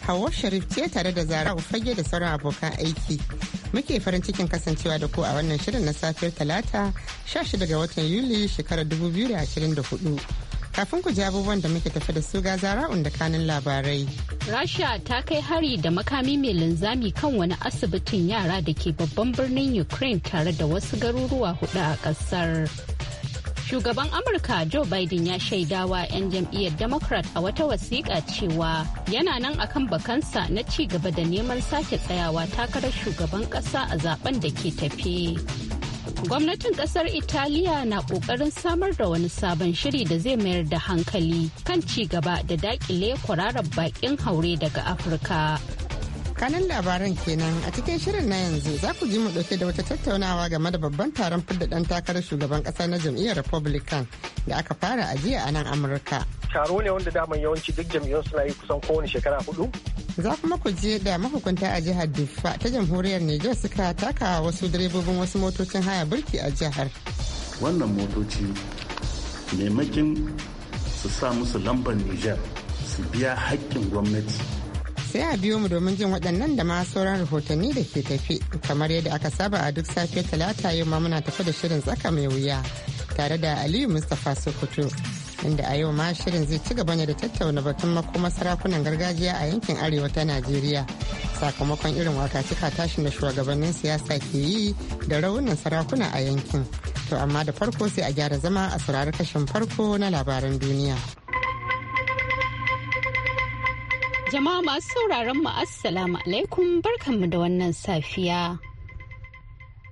Hawa Sharif ce tare da Zara fage da sauran abokan aiki. Muke farin cikin kasancewa da ku a wannan shirin na safiyar Talata 16 ga watan Yuli shekarar 2024. Kafin ku ji abubuwan da muke tafi da su ga zara da kanin labarai. Rasha ta kai hari da makami mai linzami kan wani asibitin yara da ke babban birnin Ukraine tare da wasu garuruwa hudu a kasar. Shugaban Amurka Joe Biden ya shaidawa 'yan jam'iyyar Democrat a wata wasiƙa cewa yana nan akan bakansa na ci gaba da neman sake tsayawa takarar shugaban ƙasa a zaben da ke tafe. Gwamnatin ƙasar Italiya na ƙoƙarin samar da wani sabon shiri da zai mayar da hankali kan ci gaba da daƙile kwararar baƙin haure daga Afirka. kanan labaran kenan a cikin shirin na yanzu za ku ji mu dauke da wata tattaunawa game da babban taron fidda dan takarar shugaban kasa na jam'iyyar republican da aka fara a jiya a nan amurka taro ne wanda daman yawanci duk jam'iyyar suna yi kusan kowane shekara hudu za kuma ku je da mahukunta a jihar diffa ta jamhuriyar niger suka taka wasu direbobin wasu motocin haya birki a jihar wannan motoci maimakin su sa musu lambar niger su biya haƙƙin gwamnati sai a biyo mu domin jin waɗannan da ma sauran rahotanni da ke tafi kamar yadda aka saba a duk safe talata yau ma muna tafi da shirin tsaka mai wuya tare da aliyu mustapha sokoto inda a yau ma shirin zai ci gaba ne da tattauna batun makoma sarakunan gargajiya a yankin arewa ta najeriya sakamakon irin waka cika tashin da shugabannin siyasa ke yi da raunin sarakuna a yankin to amma da farko sai a gyara zama a saurari kashin farko na labaran duniya. Jama'a masu sauraron mu Assalamu alaikum barkanmu da wannan safiya.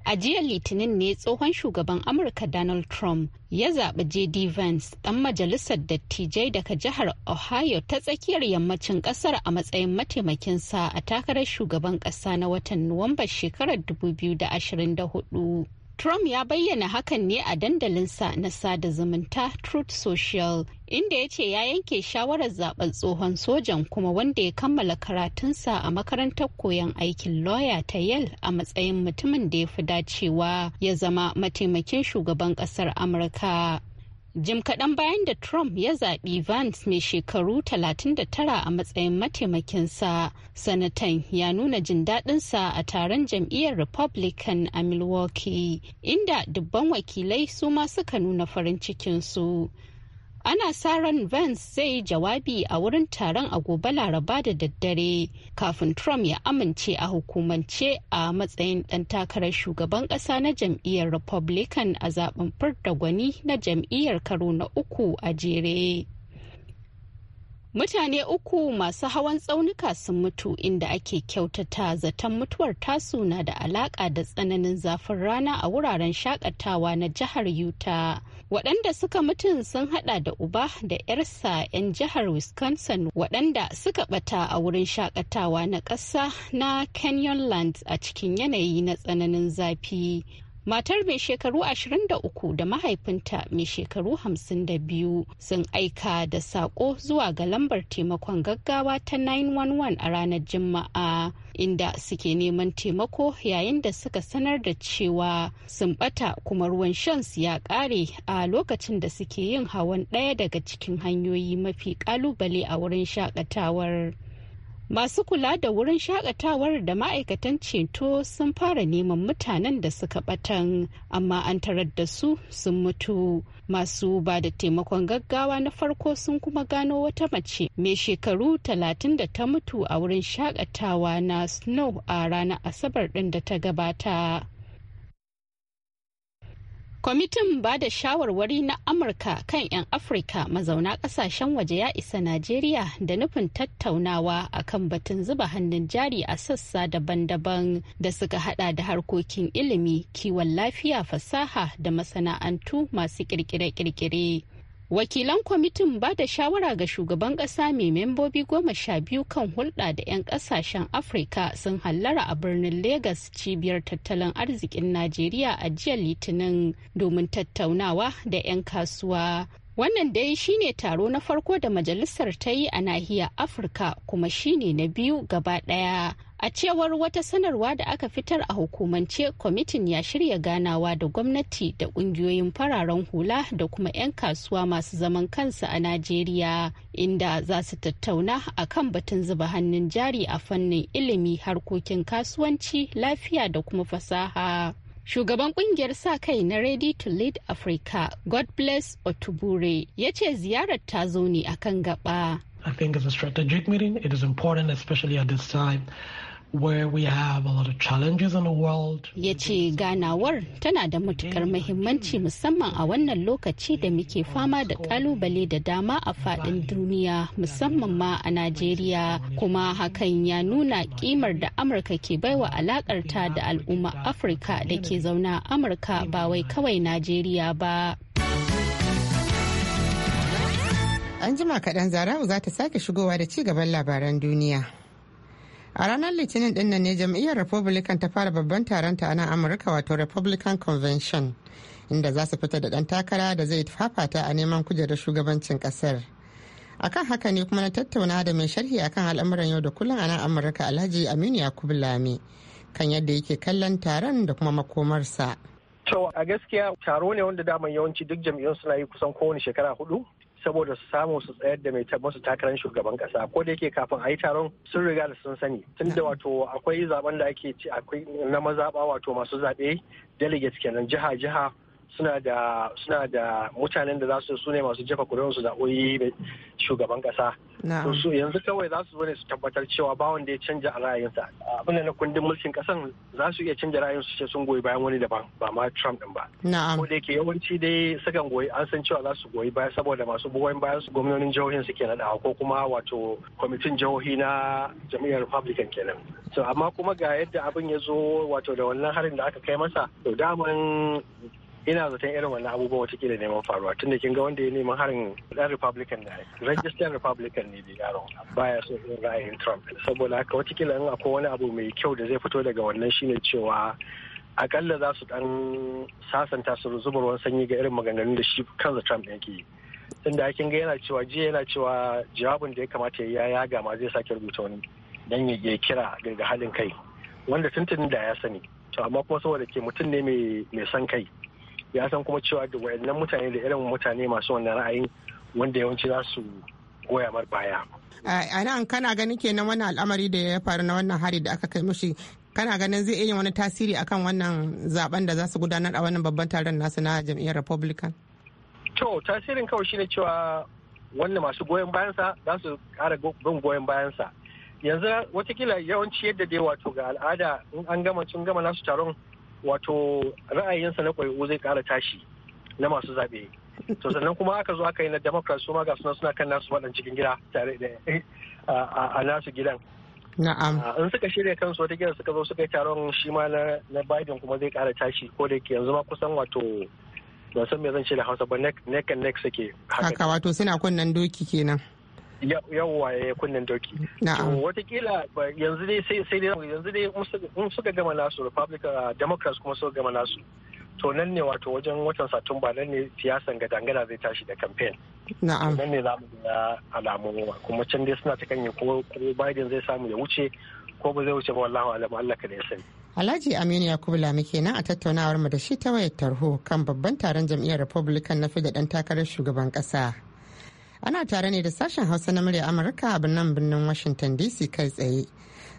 A jiya Litinin ne tsohon shugaban Amurka Donald Trump ya zaɓi J.D. Vance ɗan majalisar dattijai daga jihar Ohio ta tsakiyar yammacin ƙasar a matsayin mataimakinsa a takarar shugaban ƙasa na watan Nuwamba shekarar 2024. Trump ya bayyana hakan ne a dandalinsa na sada zumunta Truth Social, inda ya ce ya yanke shawarar zaben tsohon sojan kuma wanda ya kammala karatunsa a makarantar koyon aikin lawyer ta Yale a matsayin mutumin da ya fi dacewa ya zama mataimakin shugaban kasar Amurka. Jim kaɗan bayan da Trump ya zaɓi Vance mai shekaru 39 a matsayin mataimakinsa, sanatan ya nuna jin daɗinsa a taron jam'iyyar Republican a Milwaukee, inda dubban wakilai su ma suka nuna farin cikinsu. ana sa ran vance zai jawabi a wurin taron a gobe laraba da daddare kafin trump ya amince a hukumance a matsayin dan takarar shugaban kasa na jam'iyyar republican a zaben furta gwani na jam'iyyar karo na uku a jere mutane uku masu hawan tsaunuka sun mutu inda ake kyautata zaton mutuwar tasu na da alaka da tsananin zafin rana a wuraren shakatawa na jihar utah waɗanda suka mutum sun hada da uba da 'yarsa 'yan jihar wisconsin waɗanda suka bata a wurin shakatawa na ƙasa na canyonlands a cikin yanayi na tsananin zafi matar mai shekaru 23 da mahaifinta mai shekaru 52 sun aika da sako zuwa ga lambar taimakon gaggawa ta 911 a ranar juma'a inda suke neman taimako yayin da suka sanar da cewa sun bata kuma ruwan shansu ya kare a lokacin da suke yin hawan ɗaya daga cikin hanyoyi mafi kalubale a wurin shakatawar masu kula da wurin shakatawar da ma'aikatan ceto sun fara neman mutanen da suka batan amma an tarar da su sun mutu masu ba da taimakon gaggawa na farko sun kuma gano wata mace mai shekaru talatin da ta mutu a wurin shakatawa na snow a ranar asabar ɗin da ta gabata Kwamitin ba da shawarwari na Amurka kan 'yan Afirka mazauna kasashen waje ya isa Najeriya da nufin tattaunawa a kan batun zuba hannun jari a sassa daban-daban da suka hada da harkokin ilimi, kiwon lafiya, fasaha da masana'antu masu kirkire-kirkire. wakilan kwamitin ba da shawara ga shugaban kasa mai membobi goma sha biyu kan hulɗa da 'yan ƙasashen afirka sun hallara a birnin Legas cibiyar tattalin arzikin najeriya a jiya litinin domin tattaunawa da 'yan kasuwa Wannan dai shine taro na farko da majalisar ta yi a nahiyar Afirka kuma shine na biyu gaba daya A cewar wata sanarwa da aka fitar a hukumance, kwamitin ya shirya ganawa da gwamnati da ƙungiyoyin fararen hula da kuma 'yan kasuwa masu zaman kansu a Najeriya, inda za su tattauna a kan batun zuba hannun jari a fannin ilimi, harkokin kasuwanci, lafiya da kuma fasaha. Shugaban kungiyar sa kai na Ready to Lead Africa, God bless Otubure, ya ce ziyarar ta zo ne akan gaba. I think it's a strategic meeting. It is important, especially at this time. Ya ce ganawar tana da matukar muhimmanci musamman a wannan lokaci da muke fama da kalubale da dama a fadin duniya musamman ma a Najeriya kuma hakan ya nuna kimar da Amurka ke baiwa alakar ta da al'umma Afirka da ke zauna Amurka ba wai kawai Najeriya ba. An jima kaɗan zara'u za ta sake shigowa da ci gaban labaran duniya. a ranar litinin din ne jam'iyyar republican ta fara babban taron ta nan amurka wato republican convention inda za su fita da dan takara da zai fafata a neman kujerar shugabancin kasar akan haka ne kuma na tattauna da mai sharhi akan al'amuran yau da kullum a nan amurka alhaji aminu yakubu lami kan yadda yake kallon taron da kuma makomarsa. a gaskiya taro ne wanda daman yawanci duk jam'iyyun suna yi kusan kowane shekara hudu saboda su samu su tsayar da mai masu takarar shugaban kasa ko da yake kafin a yi taron sun riga da sun sani tun da wato akwai zaben da ake ci akwai na mazaɓa wato masu zaɓe delegates kenan jiha jiha suna da suna da mutanen da za su su ne masu jefa kuri'un su zaɓoyi shugaban kasa. To su yanzu kawai za su ne su tabbatar cewa ba wanda ya canja a ra'ayinsa. Abin da na kundin mulkin ƙasan za su iya canja ra'ayin su ce sun goyi bayan wani daban ba ma Trump din ba. Ko da yake yawanci dai sukan goyi an san cewa za su goyi baya saboda masu goyon bayan su gwamnonin jihohin suke naɗawa ko kuma wato kwamitin jihohi na jam'iyyar Republican kenan. To amma kuma ga yadda abin ya zo wato da wannan harin da aka kai masa to daman ina zaton irin wannan abubuwan watakila neman faruwa tunda kin ga wanda ya neman harin dan republican da registered republican ne da yaron baya so in ra'ayin trump saboda haka watakila in akwai wani abu mai kyau da zai fito daga wannan shine cewa akalla za su dan sasanta su zuba ruwan sanyi ga irin maganganun da shi kansa trump yake yi tunda kin ga yana cewa jiya yana cewa jawabin da ya kamata ya yaga ma zai sake rubuta wani dan ya kira daga halin kai wanda tuntun da ya sani to amma kuma saboda ke mutum ne mai san kai ya san kuma cewa da wayannan mutane da irin mutane masu wannan ra'ayin wanda yawanci za su goya mar baya. a nan kana ganin kenan wannan al'amari da ya faru na wannan hari da aka kai mushi kana ganin zai iya wani tasiri akan wannan zaben da za su gudanar a wannan babban taron nasu na jam'iyyar republican to tasirin kawai shine cewa wannan masu goyon bayansa za su kara bin goyon bayansa yanzu watakila yawanci yadda dai wato ga al'ada in an gama cin gama nasu taron wato ra'ayinsa na ƙwai'u zai ƙara tashi na masu zaɓe to sannan kuma aka zo aka yi na democrats su ma ga suna suna kan nasu waɗan cikin gida tare da a nasu gidan na'am in suka shirya kansu wata gidan suka zo suka yi taron shi ma na biden kuma zai ƙara tashi ko da ke yanzu ma kusan wato ban san me zan ce da hausa ba neck and neck suke haka wato suna kunnen doki kenan yawwa ya eh, kunnen doki watakila yanzu dai sai dai yanzu dai in suka gama nasu republican uh, democrats kuma suka gama nasu to nan ne wato wajen watan satumba nan ne siyasan gadangada zai tashi da campaign na'am nan ne za mu ga alamu kuma can dai suna ta kan ko biden zai samu ya wuce ko ba zai wuce ba wallahi alam Allah ka ya sani Alhaji Aminu Yakubu Lami kenan a tattaunawar mu da shi ta wayar tarho kan babban taron jam'iyyar Republican na fi da dan takarar shugaban kasa. ana tare ne da sashen hausa na murya amurka a birnin birnin washington dc kai tsaye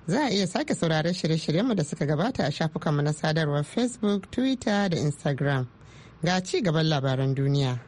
za a iya sake sauraron shirye-shiryenmu da suka gabata a shafukanmu na sadarwar facebook twitter da instagram ga ci gaban labaran duniya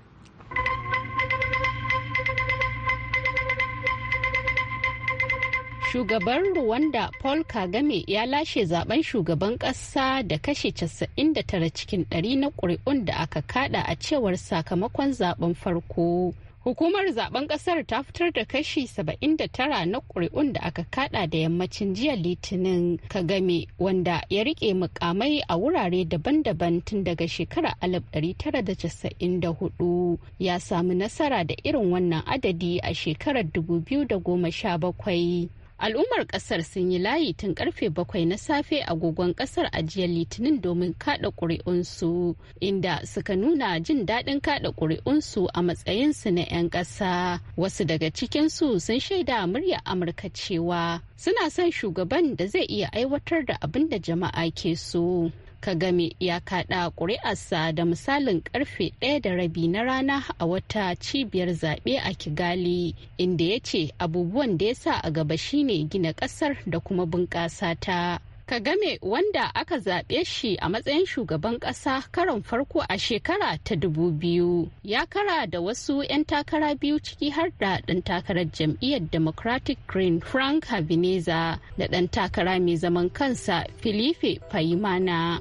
shugaban rwanda paul kagame ya lashe zaben shugaban kasa da kashe 99 cikin 100 na ƙuri'un da aka kada a cewar sakamakon zaben farko Hukumar zaben kasar ta fitar da kashi 79 na ƙuri'un da aka kada da yammacin jiya litinin kagame wanda ya rike mukamai a wurare daban-daban tun daga shekara 1994 ya samu nasara da irin wannan adadi a shekarar 2017. al'ummar kasar sun yi layi tun karfe bakwai na safe agogon kasar ajiyar litinin domin kada ƙuri'unsu inda suka nuna jin daɗin kada ƙuri'unsu a matsayinsu na 'yan ƙasa wasu daga cikinsu sun shaida murya amurka cewa suna son shugaban da zai iya aiwatar da abin da jama'a ke so kagame ya kada ƙuri'arsa da misalin karfe ɗaya da rabi na rana a wata cibiyar zaɓe a kigali inda ya ce abubuwan da ya sa a gaba shine gina ƙasar da kuma bunƙasa ta Kagame wanda aka zaɓe shi a matsayin shugaban ƙasa karon farko a shekara ta dubu biyu ya kara da wasu 'yan takara biyu ciki har da ɗan takarar jam'iyyar Democratic Green Frank Habineza da ɗan takara mai zaman kansa Filipe fahimana.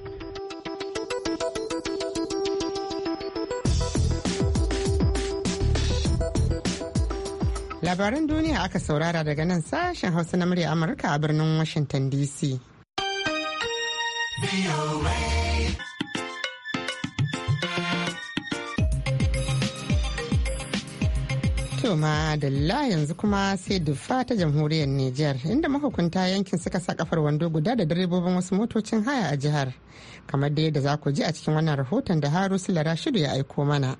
Labaran duniya aka saurara daga nan sashen Hausa na murya Amurka a birnin Washington DC. Toma da la yanzu kuma sai dufa ta jamhuriyar Nijar inda mahukunta yankin suka sa kafar wando guda da direbobin wasu motocin haya a jihar kamar da yadda za ku ji a cikin wannan rahoton da Harusu Larashidu ya aiko mana.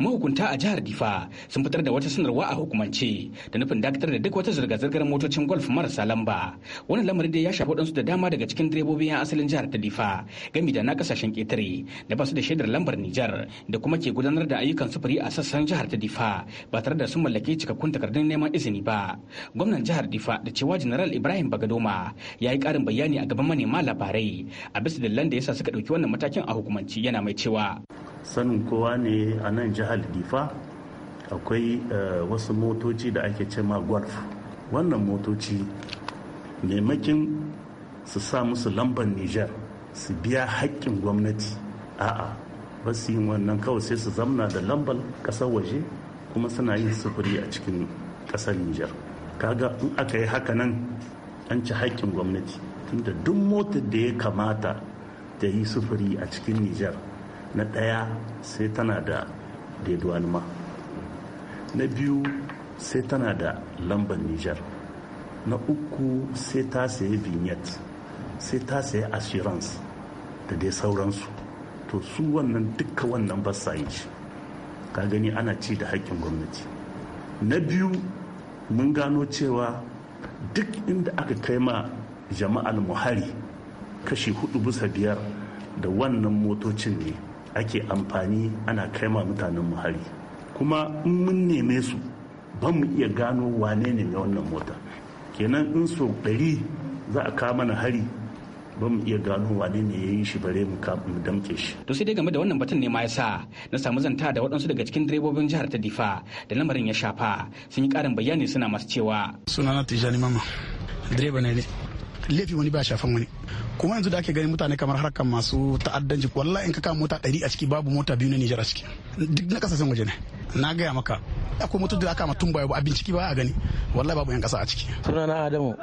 mahukunta a jihar difa sun fitar da wata sanarwa a hukumance da nufin dakatar da duk wata zirga-zirgar motocin golf marasa lamba wani lamarin da ya shafi waɗansu da dama daga cikin direbobin yan asalin jihar ta difa gami da na kasashen ƙetare da ba su da shaidar lambar nijar da kuma ke gudanar da ayyukan sufuri a sassan jihar ta difa ba tare da sun mallaki cikakkun takardun neman izini ba gwamnan jihar difa da cewa general ibrahim bagadoma ya yi ƙarin bayani a gaban manema labarai a bisa dalilan da sa suka ɗauki wannan matakin a hukumance yana mai cewa sanin kowa ne a nan jihar difa akwai eh, wasu motoci da ake ce ma golf wannan motoci maimakin su sa musu lambar niger su biya haƙƙin gwamnati a'a ba su yin wannan kawai sai su zamna da lambar ƙasar waje kuma suna yin sufuri a cikin ƙasar niger kaga in aka yi haka nan an ci haƙƙin gwamnati tunda duk motar da ya kamata ta yi sufuri a cikin niger na ɗaya sai tana da daiduwalma na biyu sai tana da lambar nijar na uku sai ta sayi vignette sai ta sayi assurance da dai sauransu to su wannan duka wannan ba sa yi ka gani ana ci da haƙƙin gwamnati na biyu mun gano cewa duk inda aka kai ma jama'al muhari kashi hudu bisa biyar da wannan motocin ne ake amfani ana kai ma mutanen hari kuma in mun neme su ba mu iya gano wane ne mai wannan mota kenan in so ɗari za a kawo mana hari ba mu iya gano wane ne ya yi shi bare mu damke shi. To sai dai game da wannan batun ne ma ya sa na samu zanta da waɗansu daga cikin direbobin jihar ta Difa da lamarin ya shafa sun yi ƙarin bayani suna masu cewa. Sunana Tijani Mama, direba ne ne. laifi wani ba shafan wani kuma yanzu da ake ganin mutane kamar harkar masu ta'addanci wallahi in ka kama mota ɗari a ciki babu mota biyu na Nijar a ciki duk na kasashen waje ne na gaya maka akwai mutum da aka ma tun baya ba a binciki ba a gani wallahi babu yan kasa a ciki sunana Adamu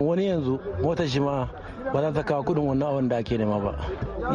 wani yanzu motar shi ma ba za ta kawo kudin wannan abin da ake nema ba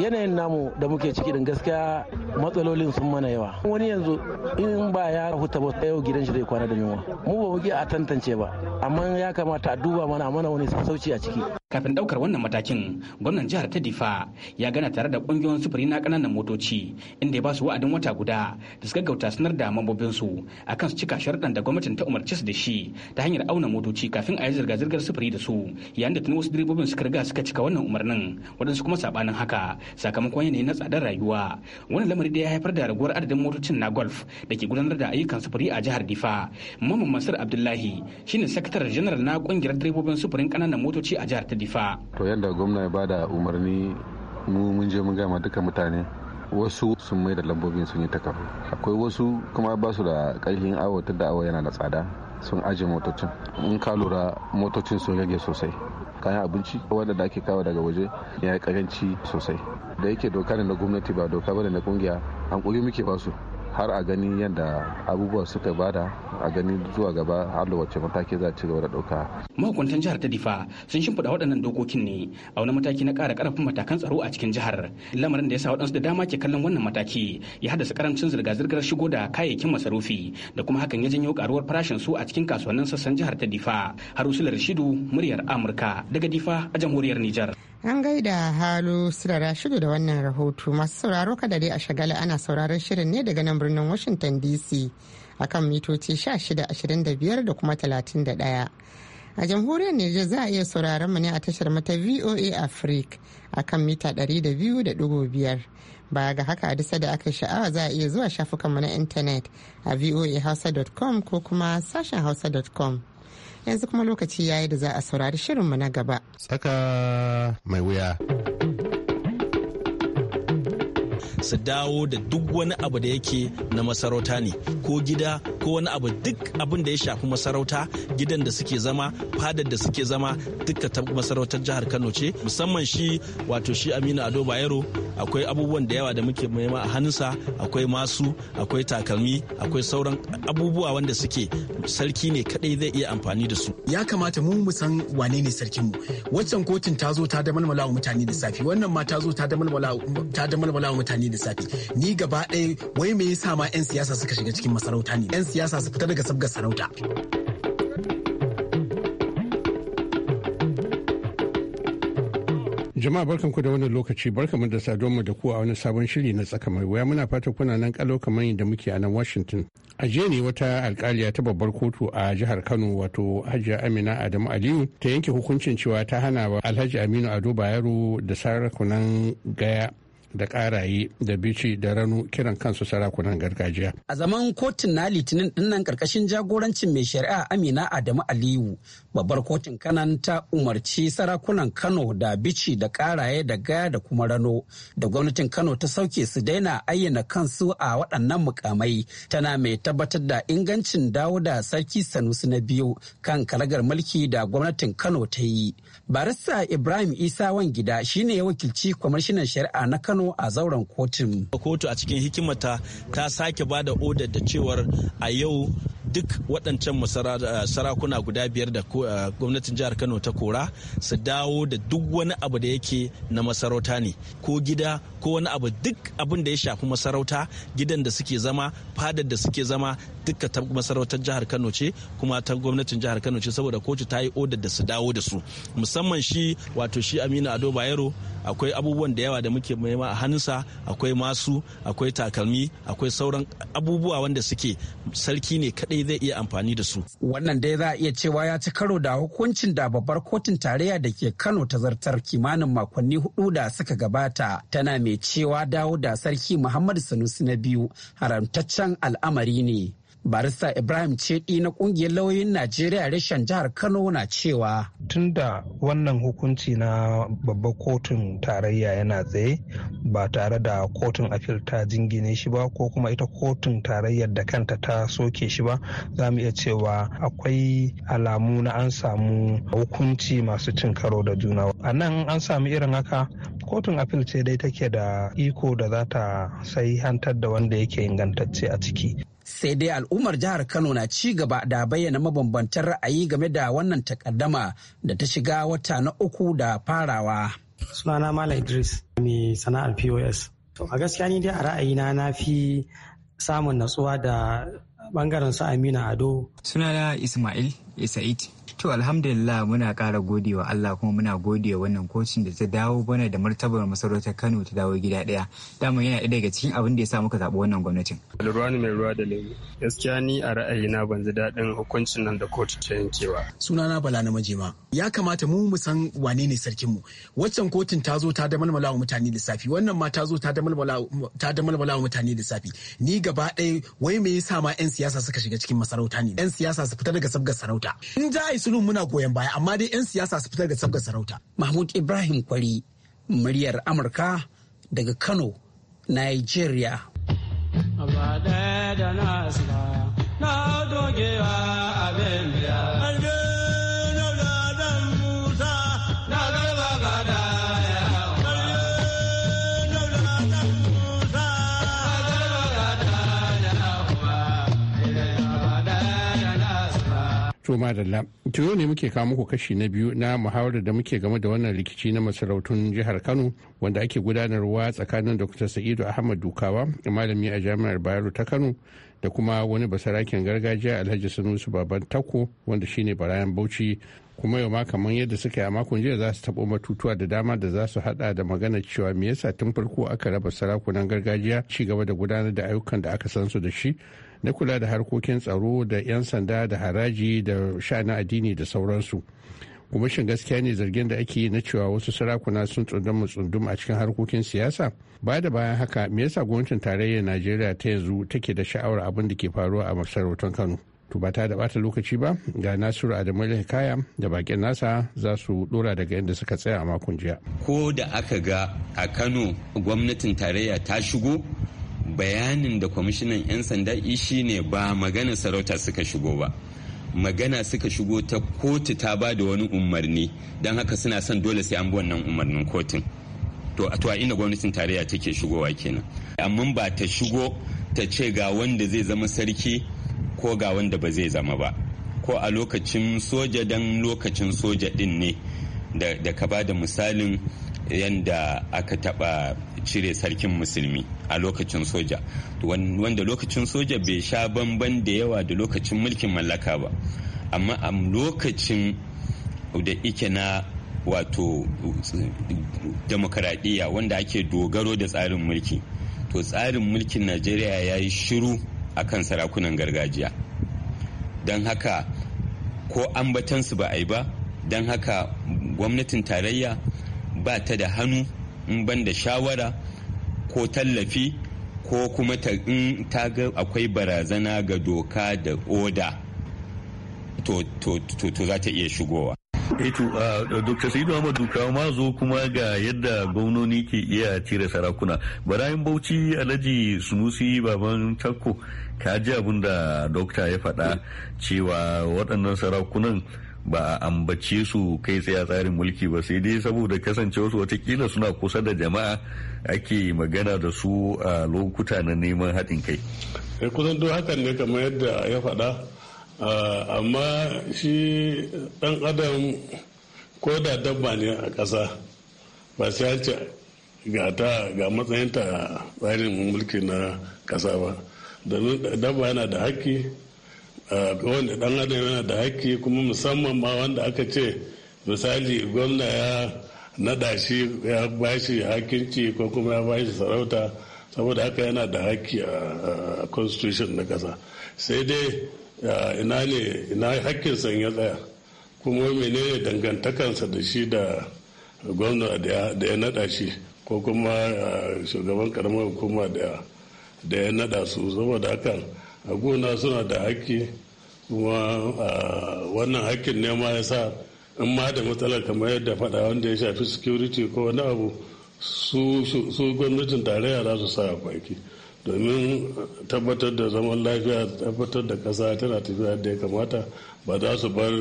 yanayin namu da muke ciki din gaskiya matsalolin sun mana yawa wani yanzu in ba ya huta ba yau gidan shi zai kwana da yunwa mu ba muke a tantance ba amma ya kamata a duba mana mana wani sassauci a ciki kafin daukar wannan matakin gwamnan jihar ta difa ya gana tare da kungiyoyin sufuri na kananan motoci inda ya ba su wa'adin wata guda da suka gauta sanar da mambobinsu akan su cika sharuɗan da gwamnatin ta umarci su da shi ta hanyar auna motoci kafin a yi zirga-zirgar sufuri da su yayin da tuni wasu direbobin suka riga suka cika wannan umarnin waɗansu kuma sabanin haka sakamakon yanayi na tsadar rayuwa wani lamari da ya haifar da raguwar adadin motocin na golf da ke gudanar da ayyukan sufuri a jihar difa mamman masar abdullahi shine sakataren janar na kungiyar direbobin sufurin kananan motoci a jihar ta difa to yadda gwamna ya bada umarni mu mun je mun gama duka mutane wasu sun mai da lambobin sun yi takardu akwai wasu kuma ba su da karfin awo da awo yana da tsada sun aje motocin in ka lura motocin sun rage sosai kayan abinci wanda da ake kawo daga waje ya yi karanci sosai da yake doka ne na gwamnati ba doka ne na kungiya hankuri muke basu har a gani yadda abubuwa suka bada a gani zuwa gaba har wacce mataki za a ci gaba da dauka mahukuntan jihar ta difa sun shimfiɗa waɗannan dokokin ne a wani mataki na ƙara ƙarfin matakan tsaro a cikin jihar lamarin da ya sa waɗansu da dama ke kallon wannan mataki ya haddasa karancin zirga-zirgar shigo da kayayyakin masarufi da kuma hakan ya janyo ƙaruwar farashin su a cikin kasuwannin sassan jihar ta difa harusular rashidu muryar amurka daga difa a jamhuriyar nijar. An gaida halu sirara shigo da wannan rahoto masu sauraro kada a shagala ana sauraron shirin ne daga nan birnin Washington DC akan mitoci 1625 da kuma 31. A jamhuriyar Niger za a iya sauraron mu ne a tashar mata VOA Africa akan mita 200.5. ba ga haka a disa da aka sha'awa za a iya zuwa shafukanmu na intanet a voahausa.com ko kuma sashen hausa.com. yanzu kuma lokaci yayi da za a saurari shirinmu na gaba. saka mai wuya. su dawo da duk wani abu da yake na masarauta ne ko gida ko wani abu duk abin da ya shafi masarauta gidan da suke zama fadar da suke zama duka ta masarautar jihar kano ce musamman shi wato shi aminu ado bayero akwai abubuwan da yawa da muke nema a hannunsa akwai masu akwai takalmi akwai sauran abubuwa wanda suke sarki ne kadai zai iya amfani da su ya kamata mu mu san wane ne sarkin mu waccan kotun ta zo ta da malmala mutane da safi wannan ma ta zo ta da malmala mutane da sati ni gaba ɗaya wai me yasa ma 'yan siyasa suka shiga cikin masarauta ne 'yan siyasa su fita daga sabgar sarauta jama'a barkan ku da wannan lokaci mu da mu da ku a wani sabon shiri na tsaka mai waya muna fata kuna nan kalo kamar yadda muke a nan washington a jiya ne wata alkaliya ta babbar kotu a jihar kano wato hajiya amina adamu aliyu ta yanke hukuncin cewa ta hana wa alhaji aminu ado bayero da sarakunan gaya da ƙaraye da bici da ranu kiran kansu sarakunan gargajiya. A zaman kotun na litinin dinnan karkashin jagorancin mai shari'a Amina Adamu Aliyu babbar kotun kanan ta umarci sarakunan Kano da bici da ƙaraye da gaya da kuma rano da gwamnatin Kano ta sauke su daina ayyana kansu a waɗannan mukamai tana mai tabbatar da ingancin dawo da sarki Sanusi na biyu kan kalagar mulki da gwamnatin Kano ta yi. Barista Ibrahim Isa Wangida shine ya wakilci kwamishinan shari'a na Kano Kano a zauren kotun. Kotu a cikin hikimata ta sake ba da odar da cewar a yau duk waɗancan eh, sarakuna guda biyar da eh, gwamnatin jihar Kano ta kora su dawo da duk wani abu da yake na masarauta ne ko gida ko wani abu duk abin da ya shafi masarauta gidan da suke zama fadar da suke zama duka ta masarautar jihar Kano ce kuma ta gwamnatin jihar Kano ce saboda kotu ta yi odar da su dawo da su musamman shi wato shi Aminu Ado Bayero akwai abubuwan da yawa da muke nema a hannunsa akwai masu akwai takalmi akwai sauran abubuwa wanda suke sarki ne kadai zai iya amfani da su wannan dai za a iya cewa ya ci karo da hukuncin da babbar kotun tarayya da ke kano ta zartar kimanin makonni hudu da suka gabata tana mai cewa dawo da sarki muhammadu sanusi na biyu haramtaccen al'amari ne barista ibrahim cedi na kungiyar lauyoyin najeriya reshen jihar kano na cewa tun da wannan hukunci na babbar kotun tarayya yana tsaye ba tare da kotun afil ta jingine shi ba ko kuma ita kotun tarayyar da kanta ta soke shi ba za mu iya cewa akwai alamu na an samu hukunci masu cin karo da juna a nan an samu irin haka kotun afil ce dai take da iko da za ta sai hantar da wanda yake ingantacce a ciki sai dai al'ummar jihar kano na ci gaba da bayyana mabambantan ra'ayi game da wannan takaddama da ta shiga wata na uku da farawa sunana mala idris mai sana'ar pos to a gaskiya ni dai a ra'ayina na fi samun natsuwa da bangaren su amina ado sunana ismail isa'id To alhamdulillah muna kara gode wa Allah kuma muna gode wa wannan kocin da ta dawo bana da martabar masarautar Kano ta dawo gida daya Dama yana ɗaya daga cikin abin da ya sa muka zaɓi wannan gwamnatin. Alruwani mai ruwa da lemu. Gaskiya ni a ra'ayina ban ji daɗin hukuncin nan da kotu ta yankewa. Sunana Bala na Majema. Ya kamata mu mu san wane ne sarkin mu. Waccan kotun ta zo ta da malmala wa mutane lissafi. Wannan ma ta zo ta da malmala wa mutane lissafi. Ni gaba ɗaya wai me yasa ma 'yan siyasa suka shiga cikin masarauta ne. 'Yan siyasa su fita daga sabgar sarauta. In sulhu muna goyon baya amma dai 'yan siyasa su fitar da sabgar sarauta. Mahmud Ibrahim Kwari muryar Amurka daga Kano, Nigeria. Na dogewa abin To madalla, tuyo ne muke kawo muku kashi na biyu na muhawarar da muke game da wannan rikici na masarautun jihar Kano wanda ake gudanarwa tsakanin Dr. Sa'idu Ahmad Dukawa, malami a Jami'ar Bayero ta Kano da kuma wani basaraken gargajiya Alhaji Sanusi Baban Tako wanda shine Barayan Bauchi kuma yau ma kamar yadda suka yi a makon jiya za su taɓo matutuwa da dama da za su haɗa da magana cewa me yasa tun farko aka raba sarakunan gargajiya ci gaba da gudanar da ayyukan da aka san su da shi na kula da harkokin tsaro da 'yan sanda da haraji da sha'anin addini da sauransu kuma shin gaskiya ne zargin da ake yi na cewa wasu sarakuna sun tsundum tsundum a cikin harkokin siyasa ba da bayan haka me yasa gwamnatin tarayyar najeriya ta yanzu take da sha'awar abin da ke faruwa a masarautar kano to ba ta da bata lokaci ba ga nasiru adamu hikaya da bakin nasa za su dora daga yadda suka tsaya a makon jiya ko da aka ga a kano gwamnatin tarayya ta shigo bayanin da kwamishinan 'yan sanda shi ne ba magana sarauta suka shigo ba magana suka shigo ta kotu ta ba da wani umarni don haka suna son dole sai an bi wannan umarnin kotun to a inda gwamnatin tarayya take shigowa kenan amma ba ta shigo ta ce ga wanda zai zama sarki ko ga wanda ba zai zama ba ko a lokacin soja don lokacin soja din ne da ka ba da misalin yanda aka taba cire sarkin musulmi a lokacin soja wanda lokacin soja bai sha bamban da yawa da lokacin mulkin mallaka ba amma a lokacin da ike na wato demokaradiyya wanda ake dogaro da tsarin mulki to tsarin mulkin najeriya ya yi shiru a kan sarakunan gargajiya don haka ko ambatansu ba a yi ba don haka gwamnatin tarayya ba ta da hannu in ban da shawara ko tallafi ko kuma in ta ga akwai barazana ga doka da oda to za ta iya shigowa Eto, eh ah, Dr. Sa'idu Ahmad Dukawa ma zo kuma ga yadda gwamnoni ke iya cire sarakuna. Barayin Bauchi Alhaji Sunusi Baban tako ka ji abin da Dokta ya faɗa eh. cewa waɗannan sarakunan ba a ambace su kai tsaye tsarin mulki ba sai dai saboda kasancewarsu watakila suna kusa da jama'a ake magana da su a lokuta na neman haɗin kai. Eh, kusan duk haka ne kamar yadda ya faɗa ah, amma shi ɗan adam ko da dabba ne a ƙasa ba sai ce ga ta ga matsayinta tsarin mulki na ƙasa ba dabba yana da haƙƙi Eh, wanda dan adam yana da haƙƙi kuma musamman ma wanda aka ce misali gwamna ya nada shi ya bashi hakinci ko kuma ya bashi sarauta saboda haka yana da haƙƙi a constitution na ƙasa sai dai eh, ina ne ina san ya tsaya kuma menene dangantakansa da shi da gwamna da ya nada shi ko kuma eh, shugaban karamar hukuma da ya nada su saboda hakan a gona suna da haƙƙi kuma wannan haƙƙin ne ma ya sa in ma da matsalar kamar yadda faɗa wanda ya shafi security ko wani abu su gwamnatin tarayya za su sa a baki domin tabbatar da zaman lafiya tabbatar da ƙasa tana tafiya da ya kamata ba za su bar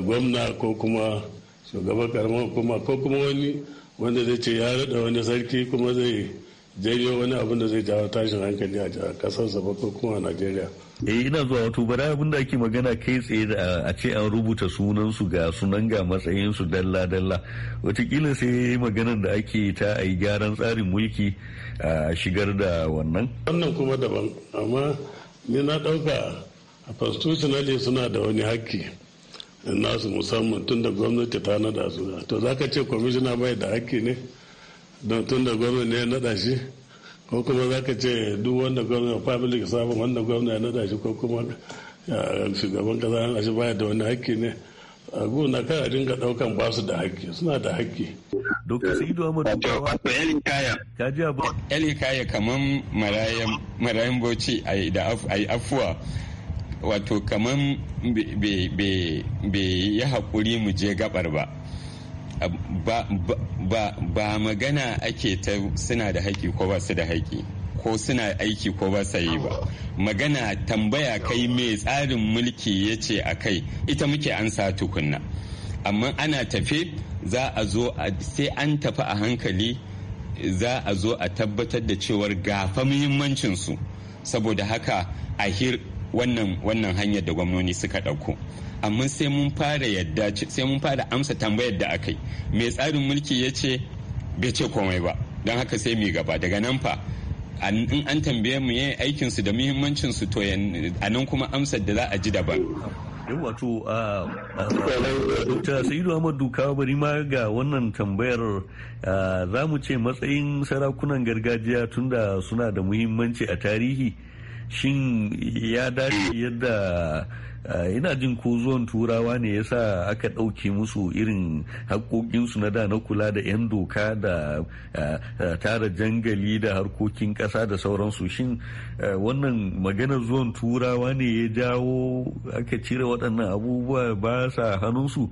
gwamna ko kuma shugaban karamar hukuma ko kuma wani wanda zai ce ya rada wani sarki kuma zai daidai wani abin da zai jawo tashin hankali a kasarsa ba kuma a najeriya eh ina zuwa wato bari abin da ake magana kai tsaye da a ce an rubuta sunansu ga sunan ga matsayinsu dalla dalla watakila sai maganar da ake ta a yi gyaran tsarin mulki a shigar da wannan wannan kuma daban amma ni na ɗauka a constitutionally suna da wani haƙƙi nasu musamman tun da gwamnati ta nada su to zaka ce kwamishina bai da haƙƙi ne don tun da gwamnati ne ya nada shi ko kuma za ka ce duk wanda gwamna public sabon wanda gwamnati ya nada shi ko kuma shugaban kasa na shi baya da wani hakki ne a gona ka a dinga ɗaukan ba su da hakki suna da hakki. Dokta Sa'idu Ahmad Dukawa. Kaya. Ka ji abu. Eli Kaya kaman marayan Bauchi a yi afuwa wato kaman bai yi haƙuri mu je gabar ba. ba magana ake ta suna da haƙi ko ba su da haƙi ko suna aiki ko ba sa yi ba magana tambaya kai mai tsarin mulki ya ce a kai ita muke an sa tukunna amma ana tafe za a zo sai an tafi a hankali za a zo a tabbatar da cewar gafa muhimmancinsu saboda haka a hir wannan hanyar da gwamnoni suka ɗauko amma sai mun fara yadda sai mun fara amsa tambayar da aka yi mai tsarin mulki ya ce bai ce komai ba don haka sai mu gaba daga nan fa in an tambaye mu yayin aikin su da muhimmancin su to a nan kuma amsar da za a ji daban wato dr sayidu ahmad duka bari ma ga wannan tambayar za mu ce matsayin sarakunan gargajiya tunda suna da muhimmanci a tarihi shin ya dace yadda Eh, ina jin ko zuwan turawa ne yasa aka ɗauke musu irin haƙoƙinsu na da na kula da 'yan doka da eh, eh, tara jangali da harkokin ƙasa da sauransu shin wannan maganar zuwan turawa ne ya jawo aka cire waɗannan abubuwa ba sa hannunsu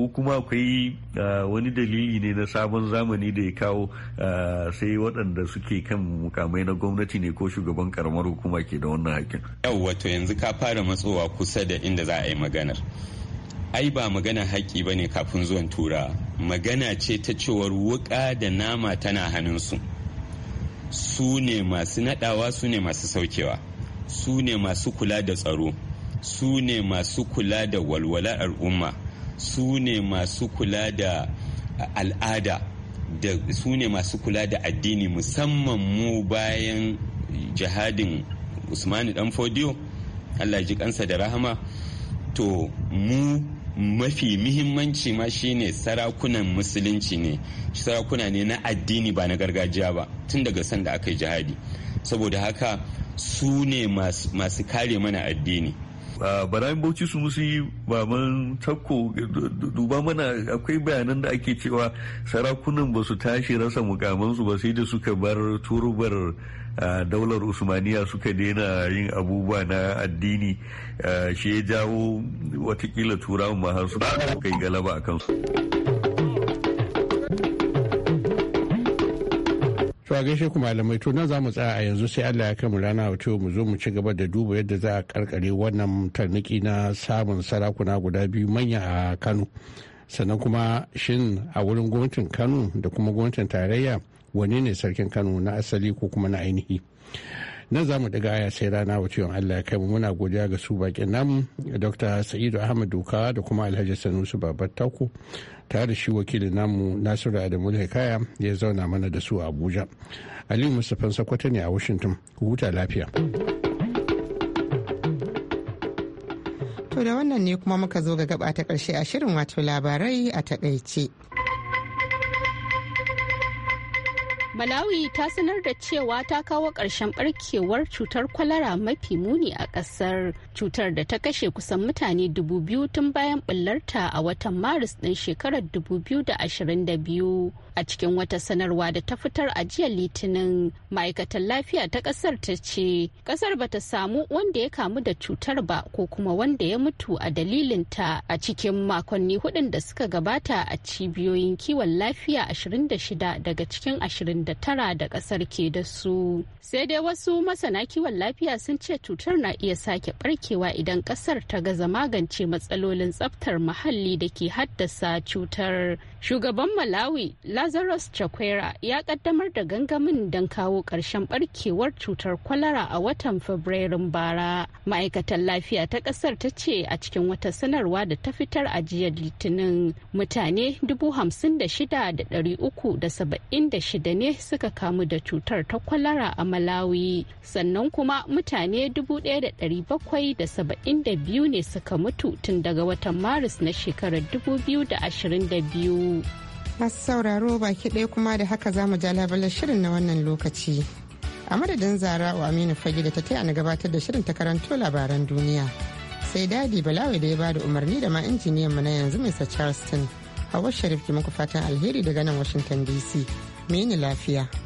ko kuma akwai ah, wani dalili ne na sabon zamani da ya kawo ah, sai waɗanda suke kan mukamai na gwamnati ne ko shugaban karamar hukuma ke da wannan hakin yau wato yanzu ka fara matsowa kusa da inda za a yi maganar ai ba magana haƙƙi ba ne kafin zuwan tura magana ce ta cewar wuƙa da nama tana hannunsu su ne masu naɗawa su ne masu saukewa su ne masu kula da tsaro su ne masu kula da walwalar al'umma su ne masu kula da al'ada da su ne masu kula da addini musamman mu bayan jihadin usmani dan fodiyo allah ji kansa da rahama to mu mafi muhimmanci ma shine sarakunan musulunci ne sarakuna ne na addini ba na gargajiya ba tun daga sanda aka yi jihadi saboda haka su ne masu kare mana addini barayin bauchi su musu yi ba man takko duba mana akwai bayanan da ake cewa sarakunan ba su tashi rasa mukamansu ba sai da suka bar turubar daular usmaniya suka daina yin abubuwa na addini shi ya jawo watakila turawan ma har suka kai galaba a kansu. To a gaishe ku malamai to nan za mu tsaya a yanzu sai Allah ya kai mu rana wato mu zo mu ci gaba da duba yadda za a karkare wannan tarniki na samun sarakuna guda biyu manya a Kano. Sannan kuma shin a wurin gwamnatin Kano da kuma gwamnatin tarayya wane ne sarkin Kano na asali ko kuma na ainihi. nan za mu daga aya sai rana ciwon allah ya kai mu muna godiya ga su bakin namu dr sa'idu ahmad duka da kuma alhaji sanusu babbar taku tare da shi wakilin namu nasiru adamu hikaya ya zauna mana da su a abuja aliyu mustapha sakwata ne a washington huta lafiya to da wannan ne kuma muka zo ga gaba ta karshe a shirin wato labarai a takaice Malawi ta sanar da cewa ta kawo ƙarshen barkewar cutar kwalara mafi muni a ƙasar. Cutar da ta kashe kusan mutane dubu biyu tun bayan ɓullarta a watan Maris ɗin shekarar dubu biyu da ashirin da biyu. A cikin wata sanarwa da ta fitar a jiya Litinin, ma'aikatan lafiya ta ƙasar ta ce, ƙasar bata samu wanda ya kamu da cutar ba ko kuma wanda ya mutu a dalilin ta a cikin makonni hudun da suka gabata a cibiyoyin kiwon lafiya 26 daga cikin da tara da kasar ke da su sai dai wasu masana kiwon lafiya sun ce cutar na iya sake barkewa idan kasar ta gaza magance matsalolin tsaftar muhalli da ke haddasa cutar shugaban malawi lazarus chakwera ya kaddamar da gangamin don kawo ƙarshen barkewar cutar kwalara a watan fabrairun bara ma'aikatan lafiya ta kasar ta ce a cikin wata sanarwa da ta fitar a litinin mutane 56,376 ne suka kamu da cutar ta kwalara a malawi sannan kuma mutane 1,772 ne suka mutu tun daga watan maris na shekarar 2022 masu sauraro baki ɗaya kuma da haka za mu ja labalar shirin na wannan lokaci a madadin zara wa aminu fage da ta taya na gabatar da shirin ta karanto labaran duniya sai dadi balawai da ya bada umarni da ma injiniyan mu na yanzu mr charleston Hawa Sharif ki muku fatan alheri daga nan Washington DC. Mene lafiya.